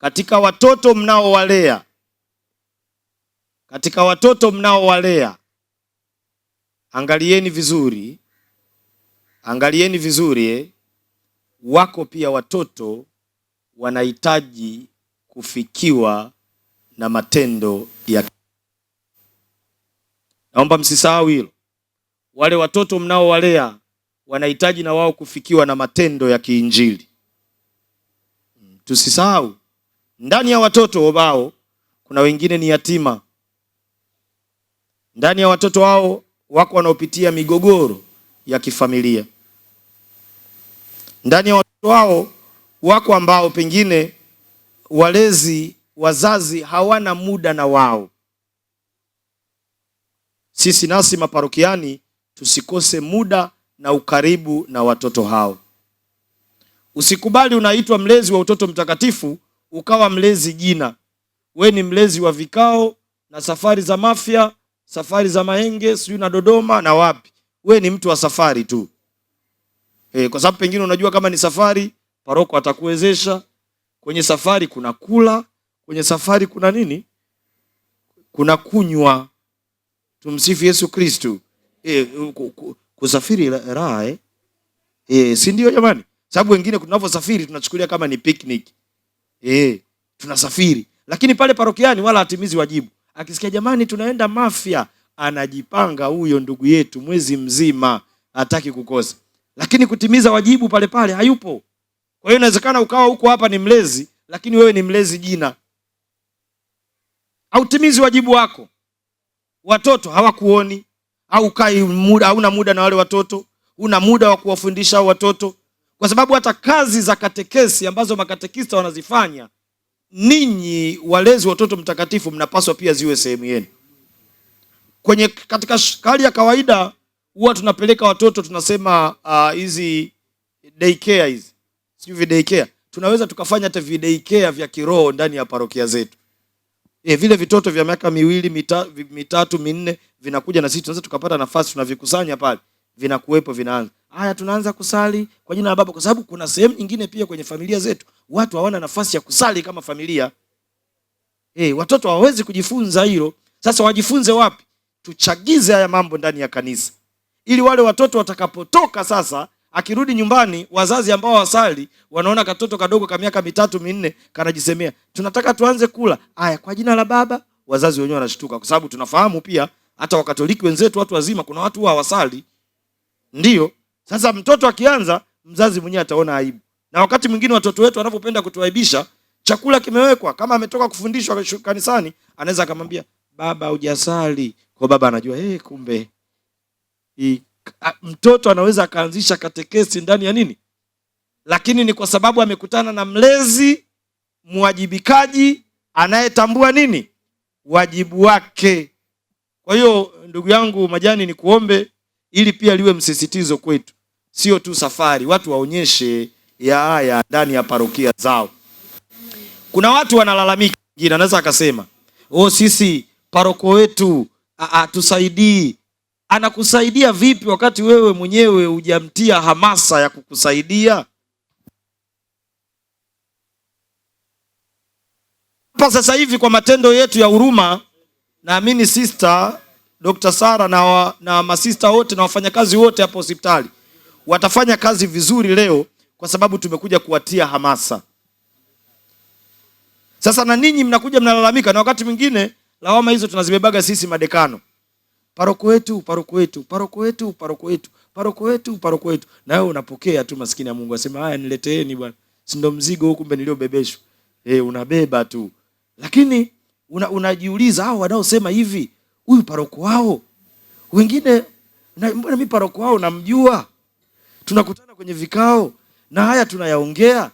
katika watoto mnaowalea, katika watoto mnaowalea, angalieni vizuri, angalieni vizuri eh, wako pia watoto wanahitaji kufikiwa na matendo ya. Naomba msisahau hilo, wale watoto mnaowalea wanahitaji na wao kufikiwa na matendo ya kiinjili. Hmm, tusisahau ndani ya watoto wao kuna wengine ni yatima, ndani ya watoto wao wako wanaopitia migogoro ya kifamilia, ndani ya watoto wao wako ambao pengine walezi wazazi hawana muda na wao. Sisi nasi maparokiani tusikose muda na ukaribu na watoto hao. Usikubali unaitwa mlezi wa utoto mtakatifu ukawa mlezi jina. We ni mlezi wa vikao na safari za Mafia, safari za Mahenge, sijui na Dodoma na wapi. We ni mtu wa safari tu e, kwa sababu pengine unajua kama ni safari paroko atakuwezesha kwenye safari. Kuna kula kwenye safari, kuna nini, kuna kunywa. Tumsifu Yesu Kristu. E, kusafiri raha eh? E, si ndio jamani? Sababu wengine tunavyosafiri tunachukulia kama ni picnic eh, tunasafiri. Lakini pale parokiani wala hatimizi wajibu. Akisikia jamani, tunaenda Mafia, anajipanga huyo ndugu yetu mwezi mzima, hataki kukosa. Lakini kutimiza wajibu pale pale hayupo. Kwa hiyo inawezekana ukawa huko hapa ni mlezi, lakini wewe ni mlezi jina, hautimizi wajibu wako, watoto hawakuoni, au kai muda, hauna muda na wale watoto, una muda wa kuwafundisha watoto kwa sababu hata kazi za katekesi ambazo makatekista wanazifanya, ninyi walezi watoto mtakatifu mnapaswa pia ziwe sehemu yenu. Kwenye katika hali ya kawaida huwa tunapeleka watoto tunasema ah, hizi uh, daycare hizi sio vi daycare. tunaweza tukafanya hata vi daycare vya kiroho ndani ya parokia zetu. E, vile vitoto vya miaka miwili mita, mitatu minne vinakuja na sisi tunaweza tukapata nafasi tunavikusanya pale, vinakuwepo vinaanza Haya, tunaanza kusali kwa jina la Baba, kwa sababu kuna sehemu nyingine pia kwenye familia zetu watu hawana nafasi ya kusali kama familia. Hey, eh, watoto hawawezi kujifunza hilo. Sasa wajifunze wapi? Tuchagize haya mambo ndani ya kanisa, ili wale watoto watakapotoka sasa, akirudi nyumbani, wazazi ambao wasali wanaona katoto kadogo ka miaka mitatu minne kanajisemea, tunataka tuanze kula haya kwa jina la Baba. Wazazi wenyewe wanashtuka, kwa sababu tunafahamu pia hata Wakatoliki wenzetu watu wazima, kuna watu hawasali, ndio sasa mtoto akianza, mzazi mwenyewe ataona aibu, na wakati mwingine watoto wetu wanapopenda kutuaibisha, chakula kimewekwa, kama ametoka kufundishwa kanisani, anaweza akamwambia baba, hujasali. Kwa baba anajua hey, eh, kumbe I, a, mtoto anaweza akaanzisha katekesi ndani ya nini, lakini ni kwa sababu amekutana na mlezi mwajibikaji anayetambua nini wajibu wake. Kwa hiyo ndugu yangu Majani, kuombe ili pia liwe msisitizo kwetu sio tu safari, watu waonyeshe ya haya ndani ya parokia zao. Kuna watu wanalalamika, wengine anaweza akasema oh, sisi paroko wetu atusaidii. Anakusaidia vipi wakati wewe mwenyewe hujamtia hamasa ya kukusaidia? Hapa sasa hivi kwa matendo yetu ya huruma, naamini Sister Dr. Sara na, wa, na masista wote na wafanyakazi wote hapo hospitali watafanya kazi vizuri leo, kwa sababu tumekuja kuwatia hamasa. Sasa na ninyi mnakuja mnalalamika, na wakati mwingine lawama hizo tunazibebaga sisi madekano, paroko wetu, paroko wetu, paroko wetu, paroko wetu, paroko wetu, paroko wetu. Na wewe unapokea tu, maskini ya Mungu asema haya, nileteeni bwana, si ndo mzigo huu, kumbe niliobebeshwa. Eh, unabeba tu, lakini una, unajiuliza hao wanaosema hivi, huyu paroko wao wengine, mbona mimi paroko wao namjua tunakutana kwenye vikao na haya tunayaongea,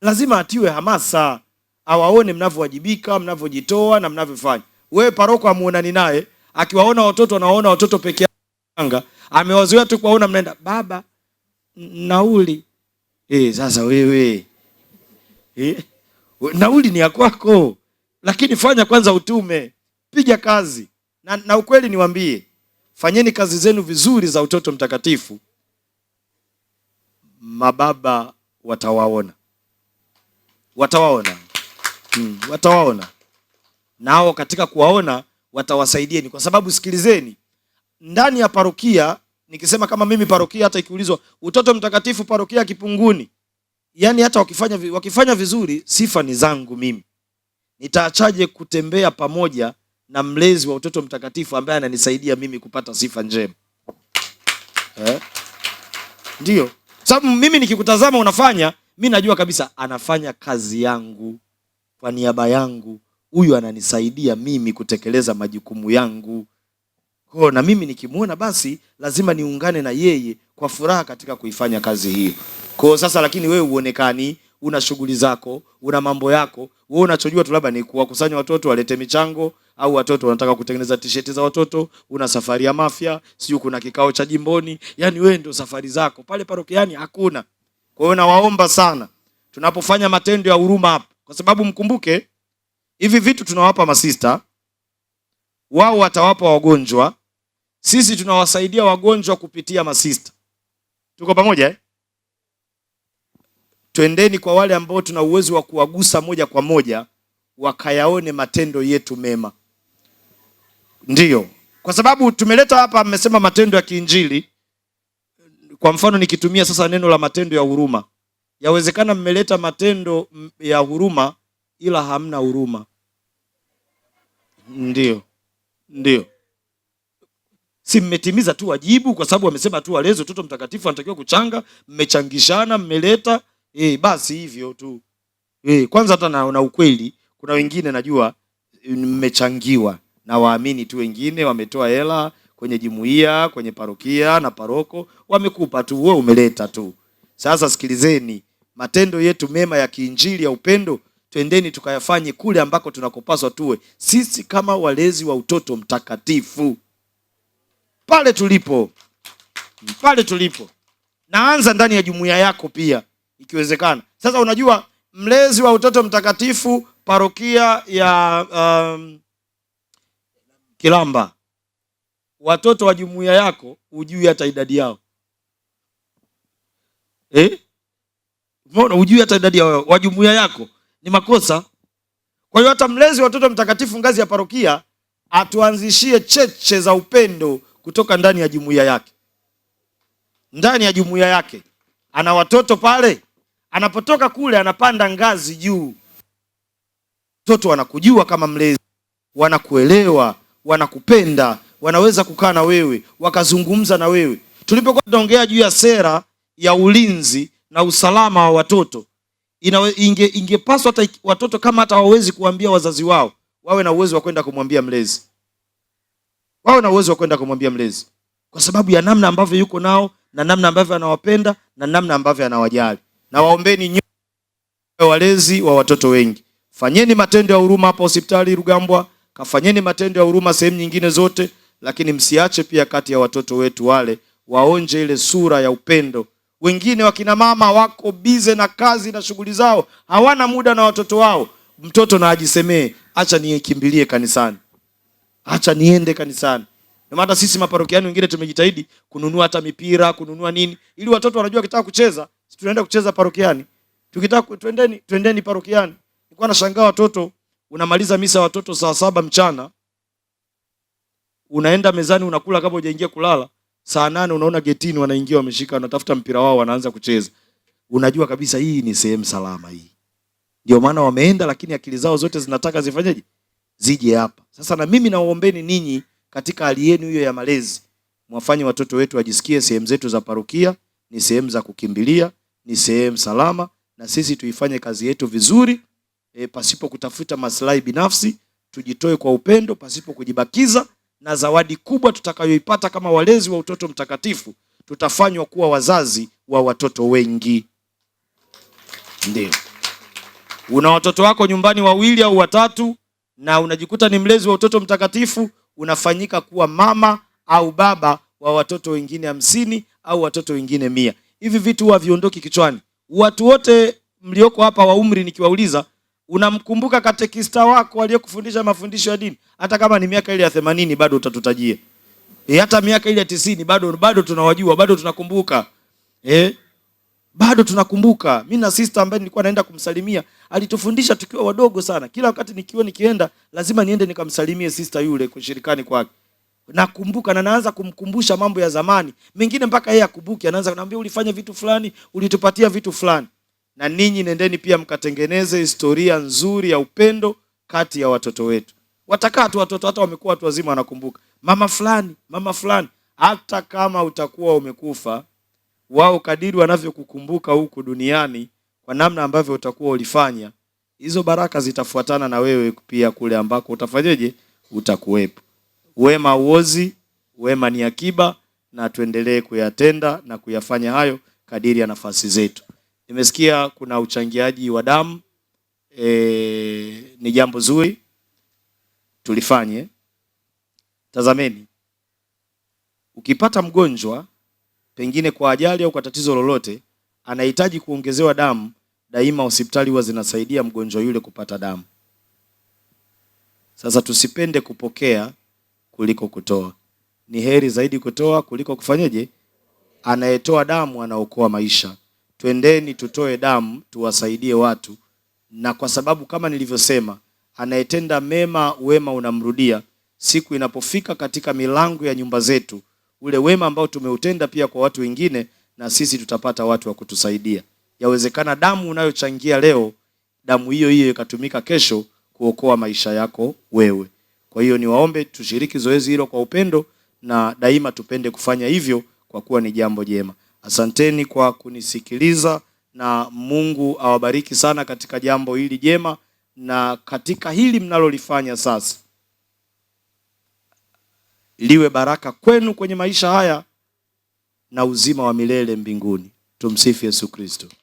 lazima atiwe hamasa, awaone mnavyowajibika, mnavyojitoa na mnavyofanya. Wewe paroko amuonani naye, akiwaona watoto anaona watoto peke yake, amewazoea tu kuwaona mnaenda baba nauli. E, sasa wewe e, nauli ni ya kwako, lakini fanya kwanza utume, piga kazi na, na ukweli niwambie, fanyeni kazi zenu vizuri za utoto mtakatifu mababa watawaona, watawaona hmm, watawaona nao, katika kuwaona watawasaidieni, kwa sababu sikilizeni, ndani ya parokia nikisema kama mimi parokia, hata ikiulizwa utoto mtakatifu parokia Kipunguni, yani hata wakifanya, wakifanya vizuri sifa ni zangu mimi. Nitaachaje kutembea pamoja na mlezi wa utoto mtakatifu ambaye ananisaidia mimi kupata sifa njema eh? Ndio sababu mimi nikikutazama unafanya, mi najua kabisa anafanya kazi yangu kwa niaba yangu, huyu ananisaidia mimi kutekeleza majukumu yangu. ko na mimi nikimwona, basi lazima niungane na yeye kwa furaha katika kuifanya kazi hiyo Kwa sasa lakini wewe uonekani una shughuli zako, una mambo yako. Wewe unachojua tu labda ni kuwakusanya watoto walete michango au watoto wanataka kutengeneza tisheti za watoto, una safari ya Mafia, sijui kuna kikao cha jimboni, yani wewe ndio safari zako pale parokiani hakuna. Kwa hiyo nawaomba sana, tunapofanya matendo ya huruma hapa, kwa sababu mkumbuke hivi vitu tunawapa masista, wao watawapa wagonjwa, sisi tunawasaidia wagonjwa kupitia masista. Tuko pamoja eh? Twendeni kwa wale ambao tuna uwezo wa kuwagusa moja kwa moja, wakayaone matendo yetu mema. Ndiyo, kwa sababu tumeleta hapa, mmesema matendo ya kiinjili. Kwa mfano nikitumia sasa neno la matendo ya huruma, yawezekana mmeleta matendo ya huruma ila hamna huruma. Ndiyo, ndiyo, si mmetimiza tu wajibu, kwa sababu wamesema tu walezi, mtoto mtakatifu anatakiwa kuchanga. Mmechangishana, mmeleta e, basi hivyo tu e. Kwanza hata na ukweli, kuna wengine najua mmechangiwa na waamini tu wengine wametoa hela kwenye jumuiya, kwenye parokia na paroko, wamekupa tu, wewe umeleta tu. Sasa sikilizeni, matendo yetu mema ya kiinjili ya upendo, twendeni tukayafanye kule ambako tunakopaswa tuwe sisi kama walezi wa utoto mtakatifu, pale tulipo, pale tulipo. Naanza ndani ya jumuiya yako pia ikiwezekana. Sasa unajua mlezi wa utoto mtakatifu parokia ya um, Kilamba, watoto wa jumuiya yako hujui hata idadi yao eh? Mbona hujui hata idadi yao wa jumuiya yako? Ni makosa. Kwa hiyo hata mlezi wa watoto mtakatifu ngazi ya parokia atuanzishie cheche za upendo kutoka ndani ya jumuiya yake, ndani ya jumuiya yake ana watoto pale, anapotoka kule anapanda ngazi juu. Watoto wanakujua kama mlezi, wanakuelewa wanakupenda, wanaweza kukaa na wewe wakazungumza na wewe. Tulipokuwa tunaongea juu ya sera ya ulinzi na usalama wa watoto inge, ingepaswa hata watoto kama hata hawawezi kuambia wazazi wao wawe na uwezo wa kwenda kumwambia mlezi, wawe na uwezo wa kwenda kumwambia mlezi, kwa sababu ya namna ambavyo yuko nao na namna ambavyo anawapenda na namna ambavyo anawajali. Na waombeni nyote walezi wa watoto wengi, fanyeni matendo ya huruma hapa hospitali Rugambwa. Kafanyeni matendo ya huruma sehemu nyingine zote, lakini msiache pia kati ya watoto wetu wale waonje ile sura ya upendo. Wengine wakina mama wako bize na kazi na shughuli zao, hawana muda na watoto wao. Mtoto na ajisemee, acha niekimbilie kanisani, acha niende kanisani. Na maana sisi maparokiani wengine tumejitahidi kununua hata mipira, kununua nini, ili watoto wanajua kitaka kucheza, tunaenda kucheza parokiani, tukitaka twendeni, twendeni parokiani. Nilikuwa nashangaa watoto unamaliza misa watoto saa saba mchana, unaenda mezani unakula kabla hujaingia kulala. Saa nane unaona getini wanaingia wameshika, wanatafuta mpira wao, wanaanza kucheza. Unajua kabisa hii ni sehemu salama hii. Ndio maana wameenda, lakini akili zao zote zinataka zifanyeje? Zije hapa. Sasa na mimi nawaombeni ninyi katika hali yenu hiyo ya malezi, mwafanye watoto wetu wajisikie sehemu zetu za parukia ni sehemu za kukimbilia, ni sehemu salama, na sisi tuifanye kazi yetu vizuri e, pasipo kutafuta maslahi binafsi, tujitoe kwa upendo pasipo kujibakiza, na zawadi kubwa tutakayoipata kama walezi wa utoto mtakatifu, tutafanywa kuwa wazazi wa watoto wengi. Ndio, una watoto wako nyumbani wawili au watatu, na unajikuta ni mlezi wa utoto mtakatifu, unafanyika kuwa mama au baba wa watoto wengine hamsini au watoto wengine mia. Hivi vitu waviondoki kichwani. Watu wote mlioko hapa wa umri nikiwauliza Unamkumbuka katekista wako aliyekufundisha mafundisho ya dini, hata kama ni miaka ile ya themanini bado utatutajia e, hata miaka ile ya tisini bado bado tunawajua, bado tunakumbuka e, bado tunakumbuka. mi na sista ambaye nilikuwa naenda kumsalimia alitufundisha tukiwa wadogo sana. Kila wakati nikiwa nikienda lazima niende nikamsalimie sista yule kushirikani kwake nakumbuka na naanza kumkumbusha mambo ya zamani, mengine mpaka yeye akumbuke, anaanza kuniambia ulifanya vitu fulani, ulitupatia vitu fulani na ninyi nendeni pia mkatengeneze historia nzuri ya upendo kati ya watoto wetu. Watakaa tu watoto, hata wamekuwa watu wazima, wanakumbuka mama fulani, mama fulani. Hata kama utakuwa umekufa, wao kadiri wanavyokukumbuka huku duniani, kwa namna ambavyo utakuwa ulifanya, hizo baraka zitafuatana na wewe pia kule ambako utafanyeje, utakuwepo. Wema uozi, wema ni akiba, na tuendelee kuyatenda na kuyafanya hayo kadiri ya nafasi zetu. Nimesikia kuna uchangiaji wa damu e, ni jambo zuri tulifanye. Tazameni, ukipata mgonjwa pengine kwa ajali au kwa tatizo lolote anahitaji kuongezewa damu, daima hospitali huwa zinasaidia mgonjwa yule kupata damu. Sasa tusipende kupokea kuliko kutoa. Ni heri zaidi kutoa kuliko kufanyeje? Anayetoa damu anaokoa maisha twendeni tutoe damu tuwasaidie watu, na kwa sababu kama nilivyosema, anayetenda mema wema unamrudia. Siku inapofika katika milango ya nyumba zetu, ule wema ambao tumeutenda pia kwa watu wengine, na sisi tutapata watu wa kutusaidia. Yawezekana damu unayochangia leo, damu hiyo hiyo ikatumika kesho kuokoa maisha yako wewe. Kwa hiyo niwaombe tushiriki zoezi hilo kwa upendo, na daima tupende kufanya hivyo kwa kuwa ni jambo jema. Asanteni kwa kunisikiliza na Mungu awabariki sana katika jambo hili jema na katika hili mnalolifanya sasa. Liwe baraka kwenu kwenye maisha haya na uzima wa milele mbinguni. Tumsifu Yesu Kristo.